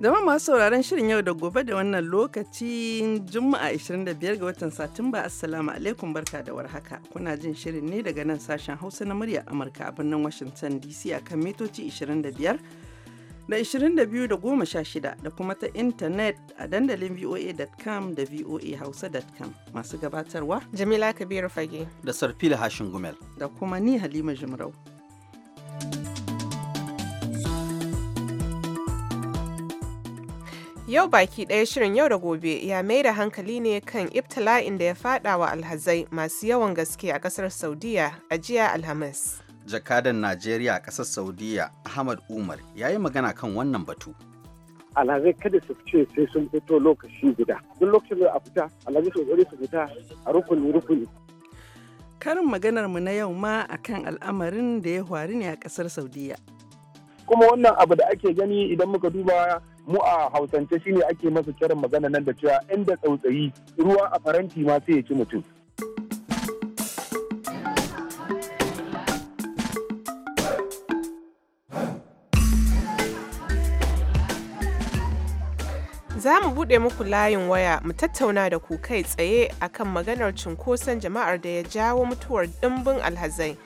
zama masu sauraron shirin yau da gobe da wannan lokacin Juma'a 25 ga watan Satumba Assalamu alaikum barka da warhaka. Kuna jin shirin ne daga nan sashen Hausa na murya Amurka a birnin Washington DC a kan mitoci 25 da 22 da 16 da kuma ta intanet a dandalin voa.com da voahausa.com masu gabatarwa Jamila Kabiru Fage da Sarfila Hashin Gumel da kuma ni Halima Jumrau. Yau baki ɗaya shirin yau da gobe ya mai da hankali ne kan ibtila'in da ya fada wa alhazai masu yawan gaske a ƙasar Saudiya a jiya Alhamis. Jakadan Najeriya a ƙasar Saudiya Ahmad Umar ya yi magana kan wannan batu. alhazai kada su ce sai sun fito lokaci guda duk lokacin da a fita alhazai su su fita a rukuni rukuni karin maganar mu na yau ma akan al'amarin da ya faru ne a ƙasar Saudiya. kuma wannan abu da ake gani idan muka duba mu a hausance shine ake masa kiran magana nan da cewa inda tsautsayi ruwa a faranti ma sai ya ci mutum za mu buɗe muku layin waya mu tattauna da ku kai tsaye akan maganar cunkoson jama'ar da ya jawo mutuwar ɗimbin alhazai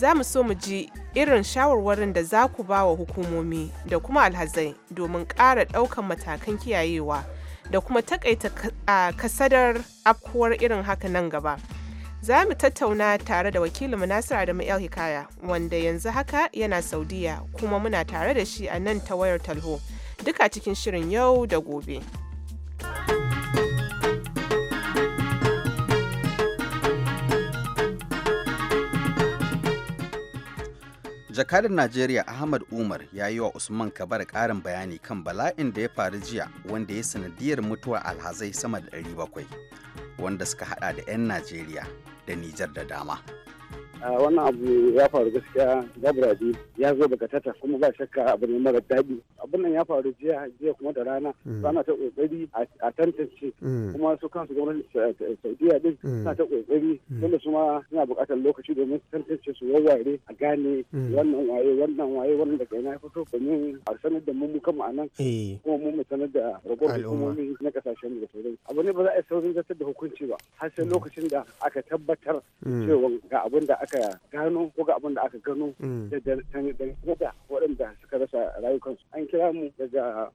za mu so mu ji irin shawarwarin da za ku ba wa hukumomi da kuma alhazai domin ƙara ɗaukan matakan kiyayewa da kuma taƙaita a kasadar afkuwar irin haka nan gaba. Za mu tattauna tare da wakilinmu nasir Adamu El Hikaya wanda yanzu haka yana Saudiya kuma muna tare da shi a nan ta wayar talho duka cikin shirin yau da gobe. jakadar najeriya ahmad umar ya yi wa usman kabar karin bayani kan bala'in da ya faru jiya wanda ya sanadiyar mutuwar alhazai sama da 700 wanda suka hada da 'yan najeriya da nijar da dama wannan abu ya faru gaskiya gabraji ya zo daga tata kuma ba shakka abu ne mara daɗi abin nan ya faru jiya jiya kuma da rana mm. ana ta kokari a tantance mm. kuma su kansu gwamnatin saudiya din mm. suna ta kokari wanda su ma suna buƙatar lokaci domin tantance su wawware a gane wannan waye wannan waye wannan daga ina ya fito domin a sanar da mu kama a nan eh. kuma mu mu sanar da ragowar hukumomi na kasashen da sauran abu ne ba za a saurin zartar da hukunci ba har sai lokacin da aka tabbatar cewa ga abin da aka aka gano ko ga abin da aka gano mm. da waɗanda suka rasa rayukansu an kira mu daga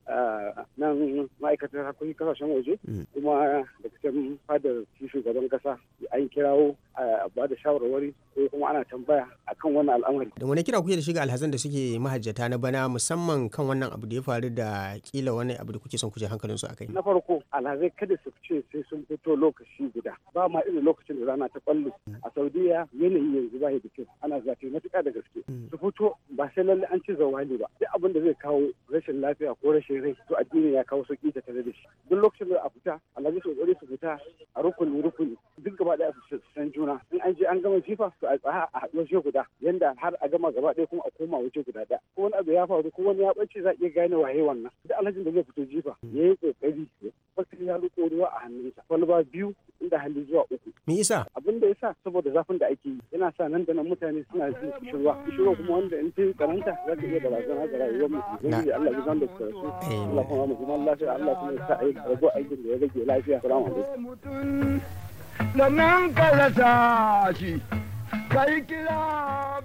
nan ma'aikatar hakuri kasashen waje mm. kuma daga can fadar shugaban kasa an kirawo a ba da shawarwari ko kuma ana tambaya akan wannan al'amari da wani kira kuke da shiga alhazan da suke mahajjata na bana musamman kan wannan abu da ya faru da kila wani abu da kuke son kuje hankalin su akai na farko alhazai kada su ce sai sun fito lokaci guda ba ma irin lokacin da rana ta kwallo a saudiya yanayi yanzu ba da kyau ana zafi matuƙa da gaske mm. su fito ba sai lalle an ci zawali ba duk abin da zai kawo rashin lafiya ko rashin rai to addini ya kawo sauki ta tare da shi duk lokacin da a fita alhaji su kokari su fita a rukuni rukuni duk gaba ɗaya su san juna in an je an gama jifa to a tsaya a haɗu waje guda yanda har a gama gaba ɗaya kuma a koma waje guda ɗaya ko wani abu ya faru ko wani ya ɓace za a iya gane waye wannan duk alhajin da zai fito jifa mm. ya yi ƙoƙari bakar ya riko ruwa a hannunsa kwalba biyu inda hali zuwa uku. Me yasa? Abin da yasa saboda zafin da ake yi yana sa nan da nan mutane suna jin kishirwa kishirwa kuma wanda in sun karanta za ta iya barazana ga rayuwar mu zai Allah ya zan da su Allah kuma mu kuma lafiya Allah kuma ya sa ayi rago aikin da ya rage lafiya salamu alaikum domin kala shi kai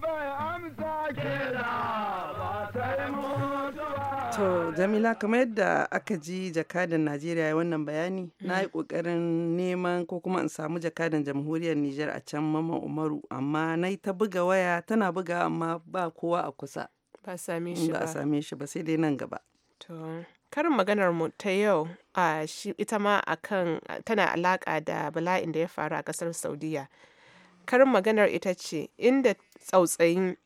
bai amsa kira ba sai mutuwa to jamila kamar yadda aka ji jakadan najeriya ya wannan bayani mm. na yi kokarin neman ko kuma in samu jakadan jamhuriyar nijar a can mama umaru amma na ta buga waya tana buga amma ba kowa a kusa ba same shi ba a same shi ba sai dai nan gaba to karin maganar mu ta yau ita ma akan tana alaƙa da bala'in da ya faru a ƙasar saudiya karin maganar ita ce inda tsautsayin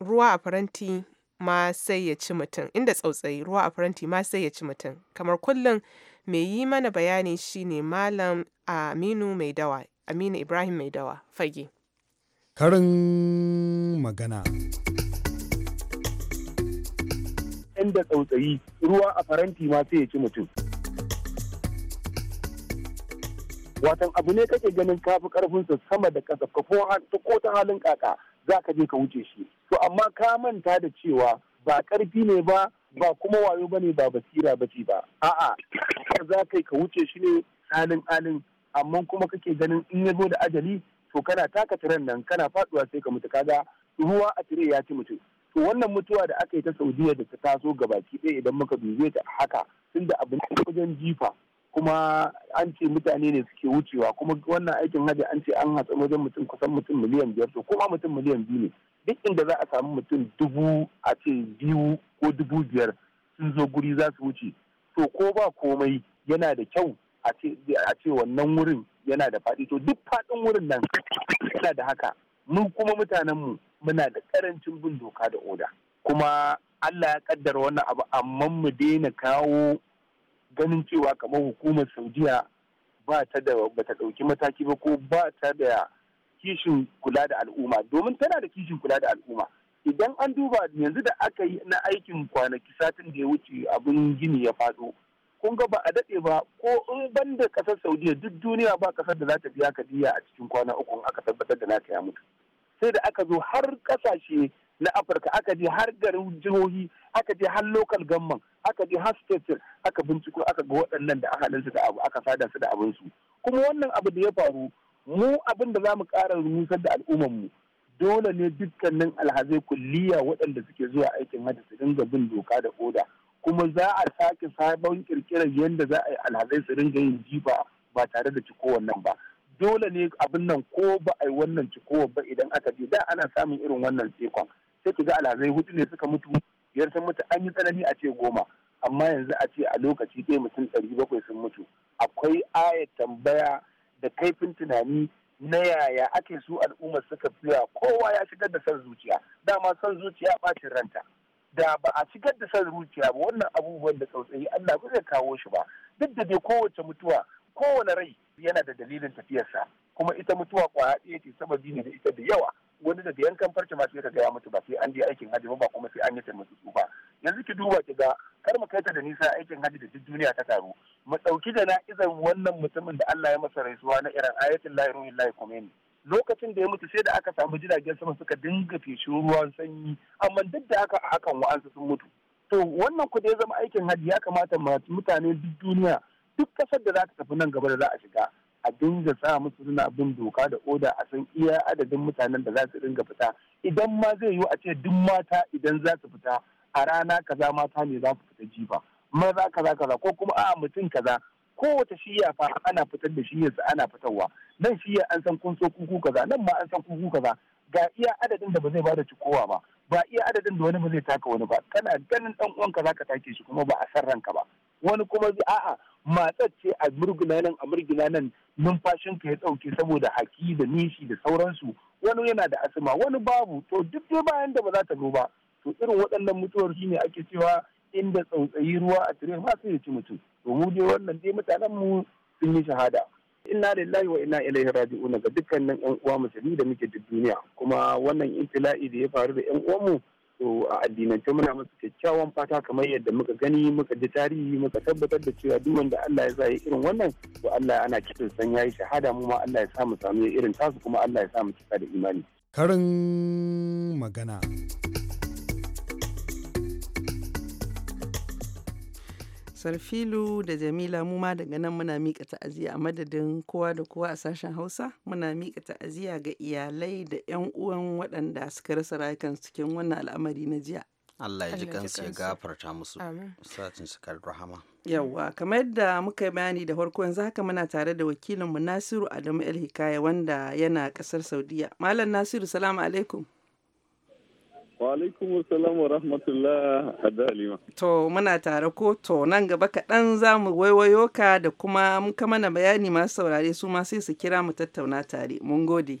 ruwa a faranti ma sai ya ci mutum inda tsautsayi ruwa a faranti ma sai ya ci mutum kamar kullum mai yi mana bayani shine malam aminu mai dawa aminu ibrahim mai dawa fage karin magana inda tsautsayi ruwa a faranti ma sai ya ci mutum watan abu ne kake ganin kafi karfinsa sama da kasa ko ta halin kaka za ka je ka wuce shi to amma ka manta da cewa ba karfi ne ba ba kuma wayo ba ne ba basira ba ce ba a'a za ka ka wuce shi ne halin halin amma kuma kake ganin in ya zo da ajali to kana taka tiran nan kana faduwa sai ka mutu kaga ruwa a tire ya ci mutu. to wannan mutuwa da aka yi ta saudiya da ta taso gabaki ɗaya idan muka dube ta haka tunda abin da wajen jifa kuma an ce mutane ne suke wucewa kuma wannan aikin hajji an ce an hatsa wajen mutum kusan mutum miliyan biyar to kuma mutum miliyan biyu ne duk inda za a samu mutum dubu a ce biyu ko dubu biyar sun zo guri za su wuce to ko ba komai yana da kyau a ce wannan wurin yana da faɗi to duk faɗin wurin nan yana da haka mu kuma mutanenmu muna da karancin bin doka da oda kuma Allah ya kaddara wannan abu amma mu daina kawo ganin cewa kamar hukumar saudiya ba ta da ba ta ɗauki mataki ba ko ba ta da kishin kula da al'umma domin tana da kishin kula da al'umma idan an duba yanzu da aka yi na aikin kwanaki satin da ya wuce abin gini ya faɗo kun ga ba a daɗe ba ko in banda da ƙasar saudiya duk duniya ba ƙasar da za ta biya ka diya a cikin kwana uku aka tabbatar da naka ya mutu sai da aka zo har ƙasashe na afirka aka je har garin jihohi aka je har local gamman aka je har state aka binciko aka ga waɗannan da aka su da abu aka sada su da abin su kuma wannan abu da ya faru mu abin da zamu mu ƙara rusar da al'umman mu dole ne dukkanin alhazai kulliya waɗanda suke zuwa aikin hajji su dinga bin doka da oda kuma za a sake sabon kirkirar yadda za a yi alhazai su dinga yin jifa ba tare da ciko wannan ba dole ne abin nan ko ba a yi wannan cikowa ba idan aka je da ana samun irin wannan tekon. sai ku ga alhazai hudu ne suka mutu biyar sun mutu an yi tsanani a ce goma amma yanzu a ce a lokaci ɗaya mutum ɗari bakwai sun mutu akwai aya tambaya da kaifin tunani na yaya ake su al'ummar suka fiya kowa ya shigar da son zuciya dama son zuciya bacin ranta da ba a shigar da son zuciya ba wannan abubuwan da tsautsayi Allah ba zai kawo shi ba duk da dai kowace mutuwa kowane rai yana da dalilin tafiyarsa kuma ita mutuwa kwaya ɗaya ce sababi ne da ita da yawa wani da daga kan farce ma sai kaga ya mutu ba sai an je aikin hajji ba kuma sai an yi su ba yanzu ki duba ki ga kar mu kai ta da nisa aikin hajji da duk duniya ta taru mu ɗauki jana'izar wannan mutumin da Allah ya masa raisuwa na irin ayatul lahi ruhi lahi kumeni lokacin da ya mutu sai da aka samu jiragen sama suka dinga feshin ruwan sanyi amma duk da haka akan wa'ansu sun mutu to wannan ku da ya zama aikin hajji ya kamata mutane duk duniya duk kasar da za ta tafi nan gaba da za a shiga a dinga sa musu suna abin doka da oda a san iya adadin mutanen da za su dinga fita idan ma zai yiwu a ce duk mata idan za su fita a rana kaza mata ne za su fita jifa maza kaza kaza ko kuma a mutum kaza kowace shiya fa ana fitar da su ana fitarwa nan shiya an san kun so kuku kaza nan ma an san kuku kaza ga iya adadin da ba zai bada cikowa ba ba iya adadin da wani ba zai taka wani ba kana ganin dan uwanka zaka take shi kuma ba a san ranka ba wani kuma zai a'a ce a murgina nan a murgina nan numfashin ka ya dauke saboda haki da nishi da sauransu wani yana da asma wani babu to duk dai bayan da ba za ta zo ba to irin waɗannan mutuwar shine ake cewa inda tsautsayi ruwa a tire ma sai ya ci mutum to mu dai wannan dai mutanen mu sun yi shahada inna lillahi wa inna ilaihi raji'un ga dukkanin yan uwa musulmi da muke duk duniya kuma wannan intila'i da ya faru da yan uwanmu to a addinance muna musu kyakkyawan fata kamar yadda muka gani muka ji tarihi muka tabbatar da cewa duk wanda Allah ya sa ya irin wannan to Allah ana kitin san yayi shahada mu ma Allah ya sa mu samu irin tasu kuma Allah ya sa mu cika da imani karin magana Sarfilu da Jamila mu ma daga nan muna mika ta'aziyya a madadin kowa da kowa a sashen Hausa muna mika ta'aziyya ga iyalai da 'yan uwan waɗanda suka rasa rayukan cikin wannan al'amari na jiya. Allah ya ji kansu ya gafarta musu satin kar rahama. Yawwa kamar yadda muka yi bayani da farko yanzu haka muna tare da wakilinmu Nasiru Adamu El Hikaya wanda yana ƙasar Saudiya. Malam Nasiru salamu alaikum. Wa salam wa rahmatullah Adalima. To muna tare ko to nan gaba kaɗan za mu waiwayo ka da kuma muka mana bayani masu saurare su ma sai su kira mu tattauna tare. Mun gode.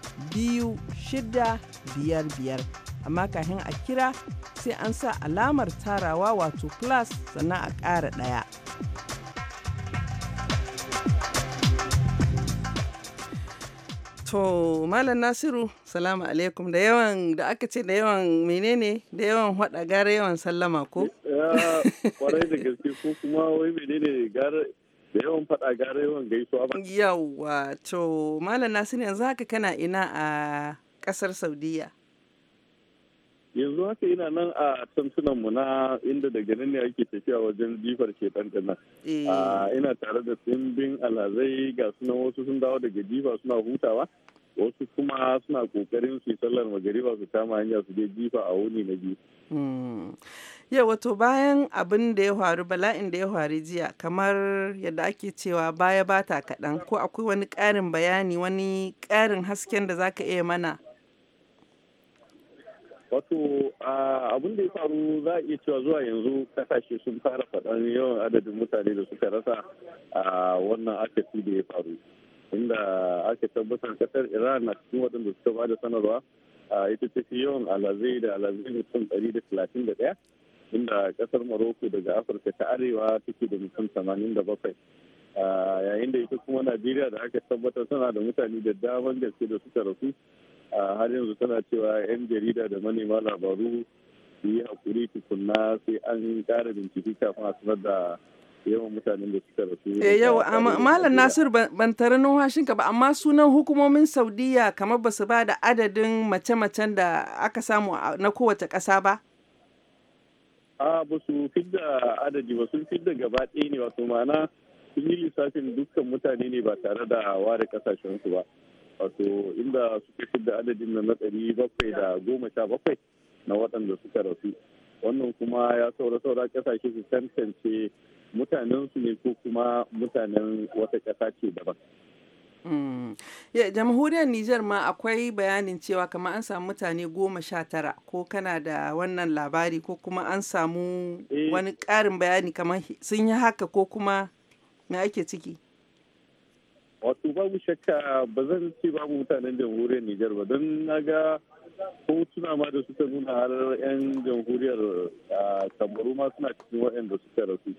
biyu shida biyar biyar amma kafin a kira sai an sa alamar tarawa wato plus sannan a ƙara ɗaya. To Malam Nasiru, salamu alaikum da yawan da aka ce da yawan menene da yawan hada gara yawan sallama ko? Kwarai da gaske ko kuma wai menene gara da yawan faɗa gare yawan gaisuwa ba. Yawwa, to Malam Nasiru yanzu haka kana ina a ƙasar Saudiya? Yanzu haka ina nan a tantunan mu na inda daga nan ne ake tafiya wajen jifar ke ɗanɗana. Eh. Ina tare da tsimbin alhazai ga sunan wasu sun dawo daga jifa suna hutawa. Wasu kuma suna ƙoƙarin su sallar magariba su kama hanya su je jifa a wuni na biyu. Hmm. Yau wato bayan abin da ya faru bala'in da ya faru jiya kamar yadda ake cewa baya bata kaɗan ko akwai wani ƙarin bayani wani ƙarin hasken da zaka iya mana. Wato abin da ya faru za a iya cewa zuwa yanzu kasashe sun fara faɗan yawan adadin mutane da suka rasa a wannan akasi da ya faru. Inda ake tabbatar kasar Iran na cikin waɗanda suka ba da sanarwa ita ce yawan alazai da alazai mutum ɗari da talatin da ɗaya. inda kasar Morocco daga Afirka ta Arewa take da mutum bakwai Yayin da ita kuma Najeriya da aka tabbatar tana da mutane da daman gaske da suka rasu har yanzu tana cewa 'yan jarida da manema labaru su yi hakuri tukunna sai an kara bincike kafin a sanar da yawan mutanen da suka rasu. Eh yau Malam Nasir ban tare numfashin ka ba amma sunan hukumomin Saudiya kamar ba su ba da adadin mace-macen da aka samu na kowace ƙasa ba. a ba su fidda adadi ba sun fidda gaba ɗaya ne wato ma'ana sun yi lissafin dukkan mutane ne ba tare da ware kasashensu ba wato inda suka fidda adadin na na ɗari bakwai da goma sha bakwai na waɗanda suka rasu wannan kuma ya saura saura kasashe su tantance mutanensu ne ko kuma mutanen wata ƙasa ce daban Mm. jamhuriyar Nijar ma akwai bayanin cewa kamar an samu mutane goma sha tara ko kana da wannan labari ko kuma an samu eh. wani karin bayani kamar sun yi haka ko kuma me ake ciki? Wato babu shakka ba zan ce babu mutanen jamhuriyar Nijar ba don na ga suna ma da suka nuna har 'yan jamhuriyar ah, Kamaru ma suna cikin waɗanda suka rasu.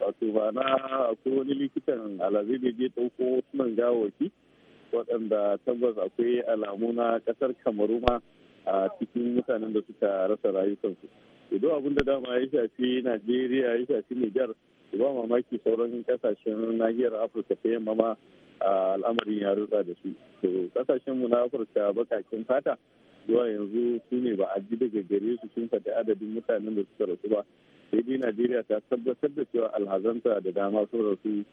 wato ba na akwai wani likitan alazi da je ɗauko wasu gawaki waɗanda tabbas akwai alamu na ƙasar kamaru ma a cikin mutanen da suka rasa rayukansu ido abin da dama ya shafi najeriya ya shafi nijar ba mamaki sauran ƙasashen nahiyar afirka ta yamma ma al'amarin ya rutsa da su to ƙasashen mu na afirka bakakin fata zuwa yanzu su ne ba a ji daga gare su sun faɗi adadin mutanen da suka rasu ba sai dai najeriya ta tabbatar da cewa alhazanta da dama sun rasu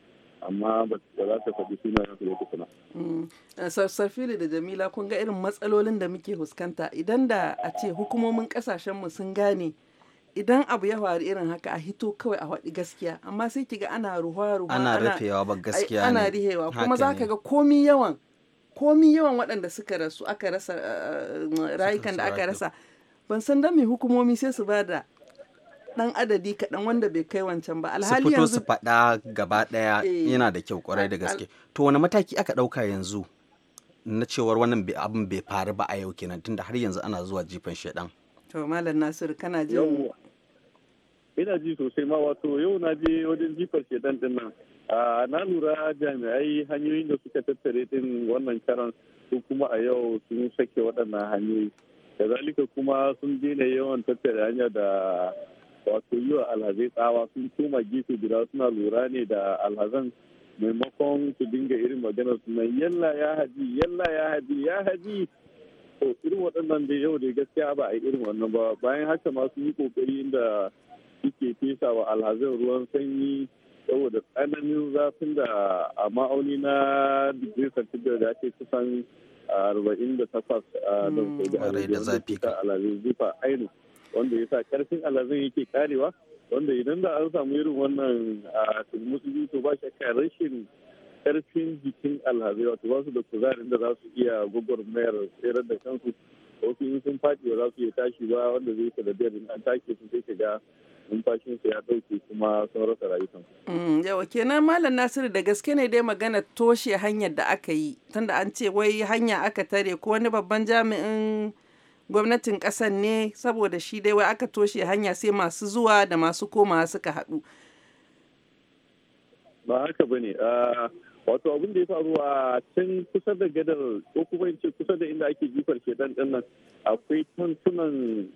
amma ba za ta faɗi sunayen su lokacin mm. eh, Fili da jamila kun ga irin matsalolin da muke fuskanta idan da a ce hukumomin mu sun gane idan abu ya faru irin haka a hito kawai a faɗi gaskiya amma sai ki ga ana ruwa ruwa ana rufewa ba gaskiya ne ana rihewa kuma za ka ga komi yawan komi yawan waɗanda suka rasu aka rasa eh, eh, rayukan da aka rasa ban san dan me hukumomi sai su ba da dan adadi kaɗan wanda bai kai wancan ba alhali yanzu su faɗa gaba ɗaya eh, yana da kyau kwarai da gaske to wani mataki aka ɗauka yanzu na cewar wannan abin bai faru ba a yau kenan tunda har yanzu ana zuwa jifan shaidan to malam nasiru kana jin ina ji sosai ma wato yau na je wajen jifar shaidan din nan na lura jami'ai hanyoyin da suka tattare din wannan karan su kuma a yau sun sake waɗannan hanyoyi kazalika kuma sun daina yawan tattare hanya da wato yi wa alhazai tsawa sun koma gefe guda suna lura ne da alhazan maimakon su dinga irin magana suna yalla ya haji yalla ya haji ya haji to irin waɗannan da yau da gaskiya ba a yi irin wannan ba bayan haka ma sun yi kokari inda suke fesa wa alhazan ruwan sanyi saboda tsananin zafin da a ma'auni na digiri santigar da ake kusan ah, arba'in da takwas ah, hmm, a da zufa ainihin wanda ya sa karfin alazan yake karewa wanda idan da an samu irin wannan a turmutsu to ba shakka rashin karfin jikin alhazai wato ba su da kuzarin da za su iya mayar tseren da kansu wasu in sun fadi wa za su iya tashi ba wanda zai ka da biyar in an tashi sun sai ka ga su ya dauke kuma sun rasa rayukan. Mm, yawa kenan malam nasiru da gaske ne dai magana toshe hanyar da aka yi tunda an ce wai hanya aka tare ko wani babban jami'in gwamnatin ƙasar ne saboda shi dai wai aka toshe hanya sai masu zuwa da masu komawa suka haɗu ba haka ba ne ah, wato abin da ya faru a can kusa da gadar ko kusa da inda ake jifar shedan din nan akwai tantunan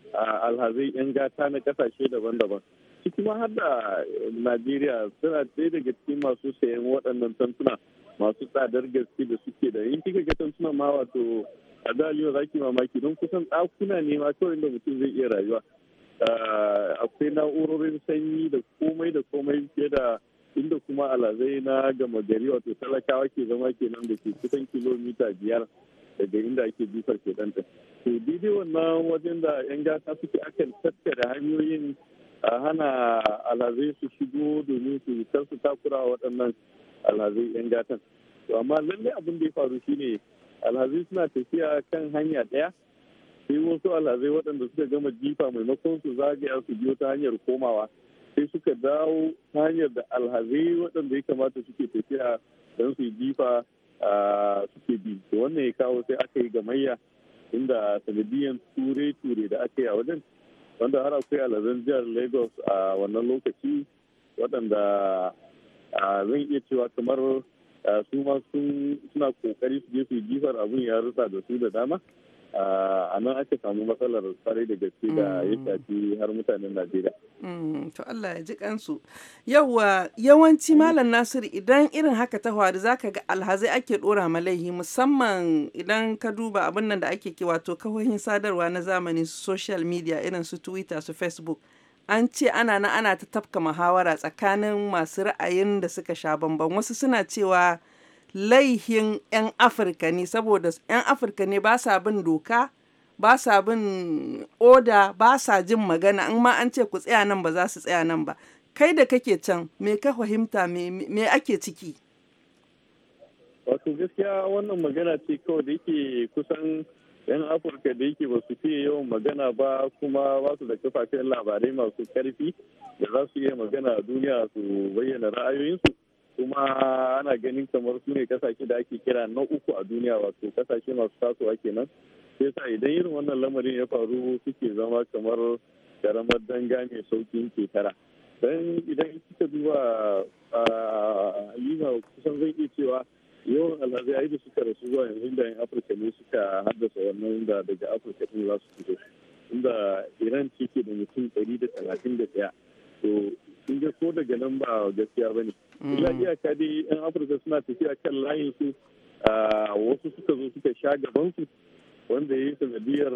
alhazai yan gata na kasashe daban-daban ciki ma har da najeriya suna ɗaya daga cikin masu sayan waɗannan tantuna masu tsadar gaske da suke da yin kika ga tantuna ma wato a zaliyo za ki mamaki don kusan ɗakuna ne ma kawai inda mutum zai iya rayuwa akwai na'urorin sanyi da komai da komai fiye da inda kuma alazai na gama gari wato talakawa ke zama kenan da ke kusan kilomita biyar daga inda ake jifar ke ɗan to daidai wannan wajen da 'yan gasa suke akan tattara hanyoyin a hana alazai su shigo domin su kar su takura waɗannan alazai 'yan gatan to amma lallai abin da ya faru shine alhazi suna tafiya kan hanya ɗaya sai wasu alhazai waɗanda suka gama jifa maimakon su zagaya su biyo ta hanyar komawa sai suka dawo ta hanyar da alhazai waɗanda ya kamata suke tafiya don su jifa suke bi da wannan ya kawo sai aka yi gamayya inda sanadiyan ture-ture da aka yi a wajen wanda har akwai alhazan jihar lagos a wannan lokaci waɗanda zan iya cewa kamar Ah, su ma suna kokari su je su jifar abun ya rusa da su da dama ah, a nan aka samu matsalar kwarai da gaske da mm. ya shafi har mutanen Najeriya. Mm, to Allah ya ji kansu. Yawwa yawanci Malam Nasiru idan irin haka ta faru zaka ga alhazai ake dora malaihi musamman idan ka duba abin nan da ake ke wato kahohin sadarwa na zamani su social media irin su Twitter su Facebook. an ce ana na ana ta tafka muhawara tsakanin masu ra'ayin da suka sha bamban wasu suna cewa laihin 'yan afirka ne saboda 'yan afirka ne ba sa bin doka ba sa bin oda ba sa jin magana in ma an ce ku tsaya nan ba za su tsaya nan ba kai da kake can me ka fahimta me ake ciki wato gaskiya wannan magana ce kawai da yake kusan 'yan afirka da yake ba su fiye yawan magana ba kuma ba su da kafafen labarai masu karfi da za su iya magana a duniya su bayyana ra'ayoyinsu kuma ana ganin kamar su ne kasashe da ake kira na uku a duniya wato kasashe masu tasowa kenan sai sa idan irin wannan lamarin ya faru suke zama kamar karamar danga mai saukin ketara don idan kika duba ah, a yi kusan zai iya cewa yawan alhazai aidu suka rasu zuwa yanzu da yan afirka ne suka haddasa wannan da daga afirka din za su fito inda iran ce da mutum ɗari da talatin da ɗaya to sun ga ko daga nan ba gaskiya ba ne mm. illa iyaka dai yan afirka suna tafiya kan layin su wasu suka zo suka sha gaban su wanda ya yi sanadiyar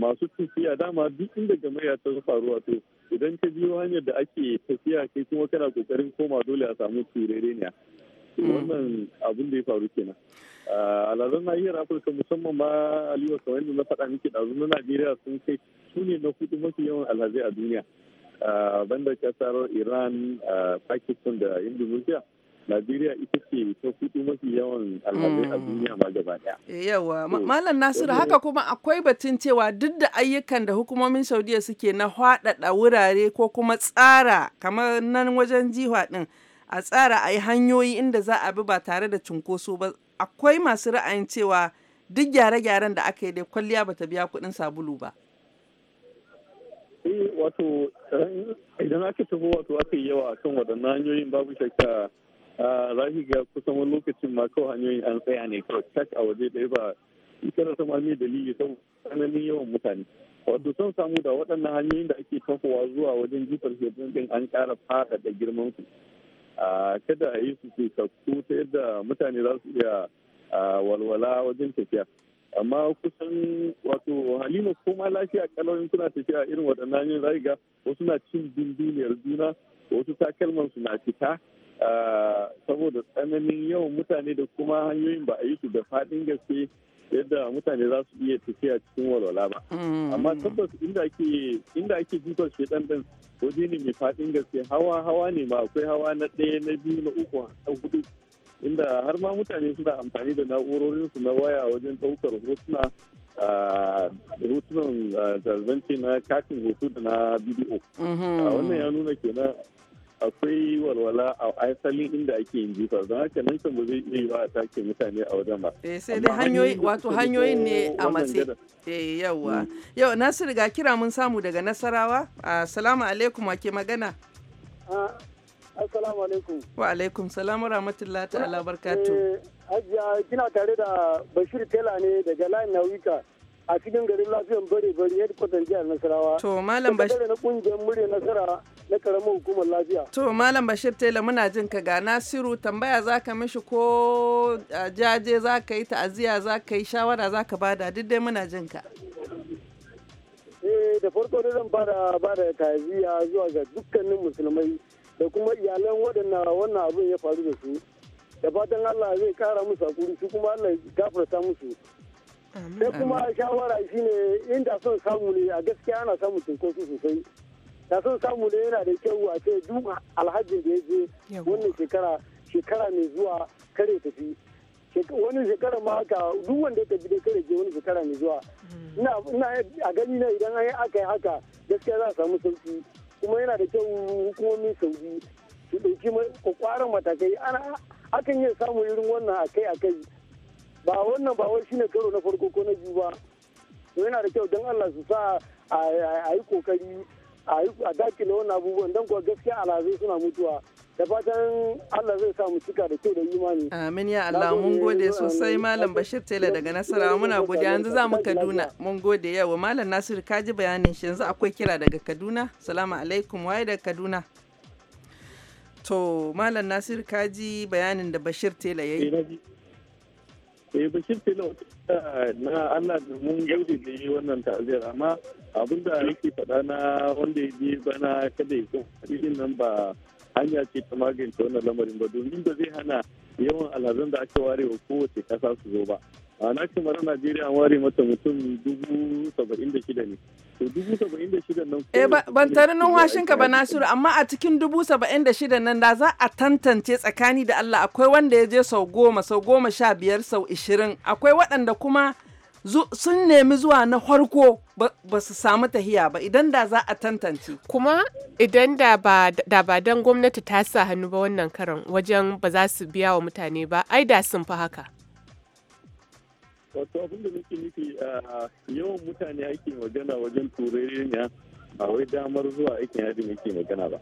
masu tafiya dama duk inda gamayya ta faruwa to idan ka biyo hanyar da ake tafiya kai kuma kana kokarin koma dole a samu ne Mm. wannan abin da ya faru kenan a na nahiyar afirka musamman ma aliyu kamar yadda na faɗa miki ɗazu na najeriya sun kai su ne na kudu mafi yawan alhazai a duniya banda kasar iran pakistan da indonesia Najeriya ita ce ta kudu mafi yawan alhazai a mm. duniya ma gaba daya. Yawa, Malam Nasiru haka kuma akwai batun cewa duk da ayyukan da hukumomin Saudiya suke na haɗaɗa wurare ko kuma tsara kamar nan wajen jiha ɗin. a tsara a yi hanyoyi inda za a bi ba tare da cunkoso ba akwai masu ra'ayin cewa duk gyare-gyaren da aka yi dai kwalliya ba ta biya kuɗin sabulu ba. Eh, eh, idan aka tafi wato aka yi yawa akan waɗannan hanyoyin babu shakka rahi ga kusan wani lokacin ma kawai hanyoyin an tsaya ne kawai tak a waje ɗaya ba ita da sama ne dalili saboda tsananin yawan mutane. wato sun samu da waɗannan hanyoyin da ake tafowa zuwa wajen jifar shebin ɗin an ƙara fada da girman su kada a yi su cikakku ta yadda mutane za su iya walwala wajen tafiya amma kusan wato halima koma lafiya kalolin suna tafiya irin waɗannan yin raiga wasu na cin dindiniyar juna wasu takalman su na fita saboda tsananin yawan mutane da kuma hanyoyin ba a yi su da faɗin gaske yadda mutane za su iya tafiya cikin walwala ba mm. amma tabbas inda ake inda ake shi dan dan waje ne mai faɗin gaske hawa hawa ne ma akwai hawa na ɗaya na biyu na uku na hudu inda har ma mutane suna amfani da na'urorin su na waya wajen ɗaukar hotuna ah, hotunan zarzance ah, na katin hoto da na bidiyo mm-hmm. ah, wannan ya nuna kenan akwai walwala a asalin inda ake yin jifa don haka nan kan ba zai iya yiwa a sake mutane a wajen ba. Eh sai dai hanyoyi wato hanyoyin ne a matse. Eh yawa. Hmm. Yau Nasiru ga kira mun samu daga Nasarawa. Assalamu alaikum wa ke magana. Ah, assalamu alaikum. Wa alaikum salamu rahmatullah rahmatullahi ta'ala eh, barkatu. Eh, Hajiya kina tare da Bashir Tela ne daga Layin Nauyuka. a cikin garin lafiyan bare bare kwatan jihar Nasarawa. To Malam Bashir. na kungiyar murya nasara na karamar hukumar lafiya. To Malam Bashir Tela muna jin ka ga Nasiru tambaya zaka mishi ko jaje zaka yi ta'aziya zaka yi shawara zaka bada duk dai muna jin ka. Eh, da farko da zan bada bada ta'aziya zuwa ga dukkanin musulmai da kuma iyalan waɗanda wannan abin ya faru da su. Da fatan Allah zai kara musu hakuri su kuma Allah ya gafarta musu. sai kuma shawara shine inda son samu ne a gaskiya ana samun cinkoso sosai da son samu ne yana da kyau a ce duk alhajin da ya je wannan shekara shekara mai zuwa kare tafi wani shekara ma haka duk wanda ya tafi da kare je wani shekara mai zuwa hmm. ina a gani na idan an aka yi haka gaskiya za a samu sauki kuma yana da kyau hukumomin sauki su ɗauki kwakwaran matakai ana akan iya samun irin wannan akai-akai ba wannan ba wai shine karo na farko ko na biyu ba yana da kyau don Allah su sa a yi kokari a dakile wannan abubuwan don kuwa gaskiya alhazai suna mutuwa da fatan Allah zai sa mu cika da kyau da imani amin ya Allah mun gode sosai malam Bashir Taylor daga Nasarawa muna gode yanzu za mu Kaduna mun gode yawa malam nasiru ka ji bayanin shi yanzu akwai kira daga Kaduna salamu alaikum waye daga Kaduna to malam nasiru ka ji bayanin da Bashir Taylor yayi eh, eh bashir filo eh, na allah mun yau da yi wannan ta'aziyar amma abin da yake faɗa na wanda ya je bana kada ya kuma hadisin nan ba hanya ce ta magance wannan lamarin ba domin ba zai hana yawan alhazan da aka ware wa kowace kasa su zo ba a nashi mara najeriya an ware mata mutum dubu saba'in da shida ne to dubu saba'in da shida nan eh, ban tare numfashin ka ba nasiru amma a cikin dubu saba'in da shida nan da za a tantance tsakani da allah akwai wanda ya je sau goma sau goma sha biyar sau ishirin akwai waɗanda kuma sun nemi zuwa na farko ba su samu tahiya ba idan da za a tantance. Kuma idan da ba don gwamnati ta sa hannu ba wannan karan wajen ba za su biya wa mutane ba, ai da sun fi haka. wato abin da nake nufi a ah, yawan mutane ake magana wajen ya a wai damar zuwa aikin yadda ake magana ba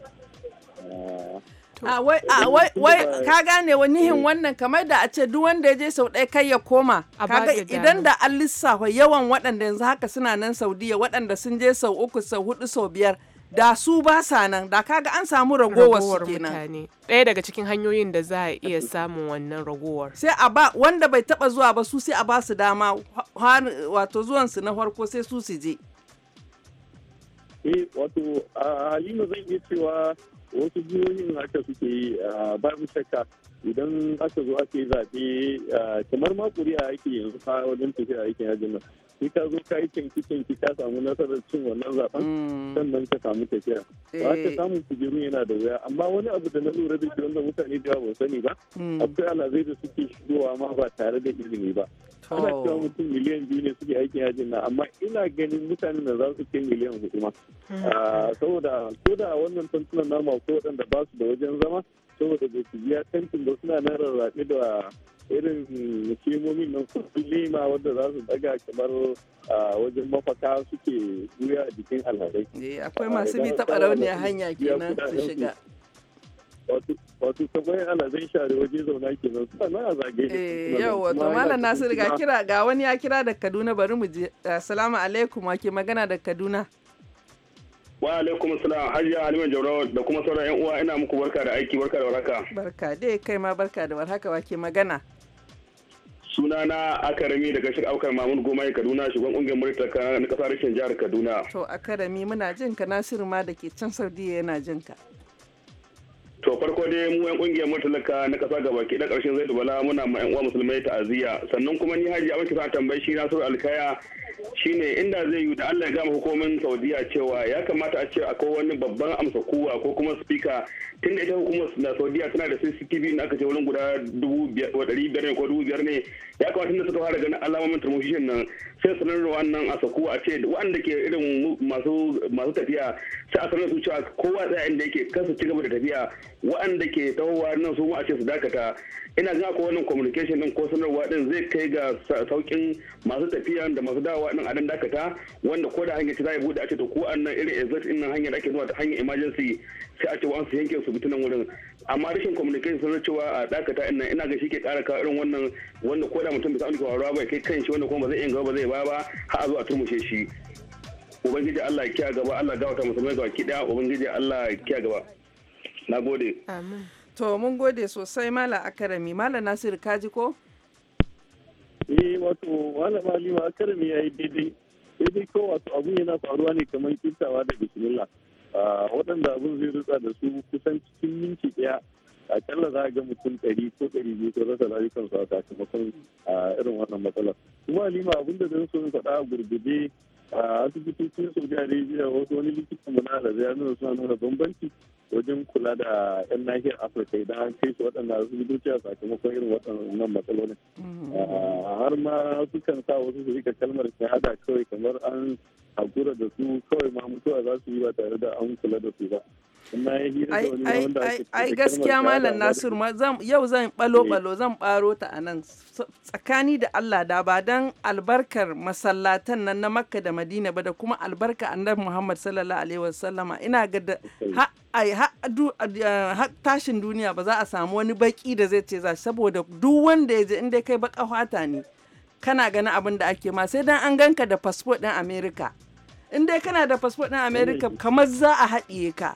a ah, ah, wai ka gane wa nihin wannan kamar da a ce duk wanda ya je sau ɗaya kai ya koma kaga idan da an lissafa yawan waɗanda yanzu haka suna nan saudiya waɗanda sun je sau uku sau hudu sau biyar da su ba sa nan da kaga an samu ragowar su kenan ɗaya daga cikin hanyoyin da za a iya samun wannan ragowar sai a ba wanda bai taba zuwa ba su sai a ba su dama wato zuwan su na farko sai su su je eh wato halima zan iya cewa wasu jiyoyin haka suke yi mu shakka idan aka zo aka yi zaɓe kamar ma ƙuri'a ake yanzu fa wajen tafiya aikin hajji sai ka zo ka yi kinki kinki ka samu nasarar cin wannan zaben mm. sannan ka samu tafiya ba ka eh. samun kujeru yana da wuya amma wani abu da na lura da shi wanda mutane da ba sani ba mm. akwai alazai da suke shigowa ma ba tare da izini ba ana cewa mutum miliyan biyu ne suke aikin yajin na amma ina ganin mutanen da za su ke miliyan hudu ma hmm. ah, saboda ko da wannan tantunan nama ko waɗanda ba su da wajen zama saboda da su biya tankin da suna nan rarrafe da irin kemomin nan kudin lima wanda za su daga kamar wajen mafaka suke juya a jikin alhadai. Eh, akwai masu bi taɓa rauniya hanya kenan su shiga. wato kamar ana zai share waje zauna ke nan suna eh, na a zage yau wato malam nasiru ga kira ga wani ya kira da kaduna bari mu je assalamu alaikum wake magana da kaduna wa alaikum salam hajiya halima jauro da kuma sauran yan uwa ina muku barka da aiki barka da warhaka barka dai kai ma barka da warhaka wake magana Suna na akarami daga shirin aukar mamun goma kaduna shugaban kungiyar ka na kasar rashin jihar kaduna to akarami muna jin ka nasiru ma da ke can saudiya yana jin ka to farko dai mu yan kungiyar ka na kasa gaba ke da karshen zai bala muna ma yan uwa musulmai ta'aziyya sannan kuma ni haji abin kisa tambayi shi nasiru alkaya shine inda zai yi da Allah ya gama hukumomin Saudiya cewa ya kamata a ce akwai wani babban amsa kowa ko kuma spika tun da ita hukumar na Saudiya tana da CCTV na aka ce wurin guda dubu biyar ne ko dubu biyar ne ya kamata tun da suka fara ganin alamomin turmushin nan sai sanar da wannan a saku a ce waɗanda ke irin masu masu tafiya sai a sanar su cewa kowa tsaya inda yake kansu ci gaba da tafiya waɗanda ke tawowa nan su ma a ce su dakata ina ga ko wannan communication din ko sanarwa din zai kai ga saukin masu tafiya da masu dawowa din a nan dakata wanda ko da hanyar ta zai bude a ce to ko annan irin exit din nan hanyar ake zuwa ta hanyar emergency sai a ce wa'ansu yanke su bitunan wurin amma rashin communication sun cewa a dakata ina ina ga shi ke kara ka irin wannan wanda ko da mutum bai san abin faruwa ba kai kan shi wanda kuma ba zai gaba ba zai ba ba har a zo a turmushe shi ubangiji Allah ya kiya gaba Allah gawata musulmai ga baki daya ubangiji Allah ya kiya gaba nagode amin to mun gode sosai mala akarami mala nasir kaji ko ni wato mali wa akarami yayi daidai daidai ko wato abun yana faruwa ne kamar kintawa da bismillah waɗanda abin zai rutsa da su kusan cikin minti ɗaya akalla za a ga mutum ɗari ko ɗari biyu ko rasa rayukansu a sakamakon irin wannan matsalar kuma lima abin da zan so in faɗa a gurgube a asibitocin saudi arabia wasu wani likitan mu na ya nuna suna nuna bambanci wajen kula da yan nahiyar afirka idan an kai su waɗanda asibitoci a sakamakon irin waɗannan matsalolin har ma sukan sa wasu su rika kalmar hada kawai kamar an hakura da su kawai ma mutuwa za su yi ba tare da an kula da su ba ai gaskiya malam nasir ma yau zan balo balo eh. zan baro ta a nan tsakani da allah da ba don albarkar masallatan nan na makka da madina ba da kuma albarka annabi muhammad sallallahu alaihi wasallama ina ga da tashin duniya ba za a samu wani baki da zai ce za saboda duk wanda ya je inda kai baka hata ne kana ganin abin da ake ma sai dan an ganka da fasfo din Amerika in dai kana da fasfo din Amerika kamar za a haɗiye ka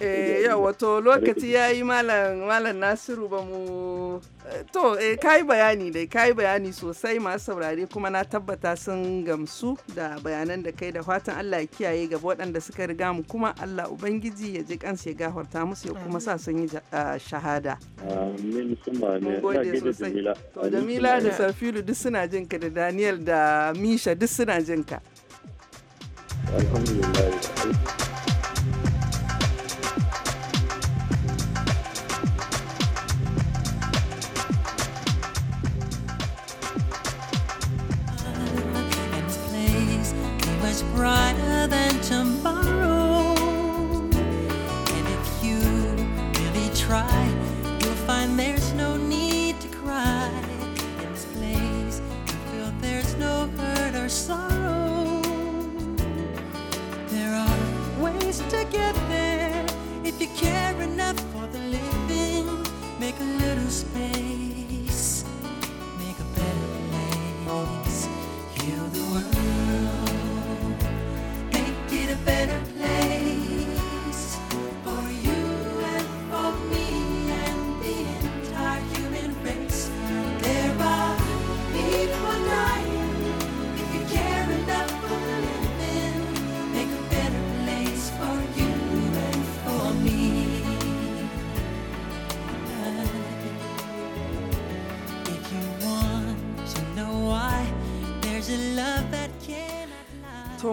Eh yau wato lokaci ya yi malam Nasiru ba mu eh, to eh kai bayani dai kai bayani sosai masu saurare kuma na tabbata sun gamsu da bayanan da kai da fatan Allah ya kiyaye gaba waɗanda suka riga mu kuma Allah ubangiji ya ji kansu ya gafarta musu ya kuma sa sun yi shahada. Amin Jamila da Safilu duk suna jinka da Daniel da Misha duk suna jinka. Elhamdülillah. brighter than tomorrow. space.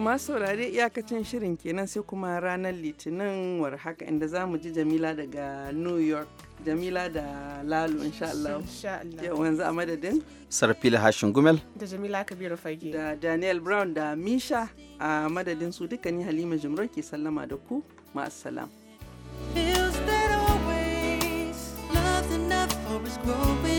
masu saurare iyakacin shirin kenan sai kuma ranar litinin war haka inda za mu ji jamila daga new york jamila da lalu insha Allah yau yanzu a madadin sarfila hashin gumel da jamila kabiru fage da daniel brown da misha a madadin su duka ni halima jimro ke sallama da ku ma'assalam Always growing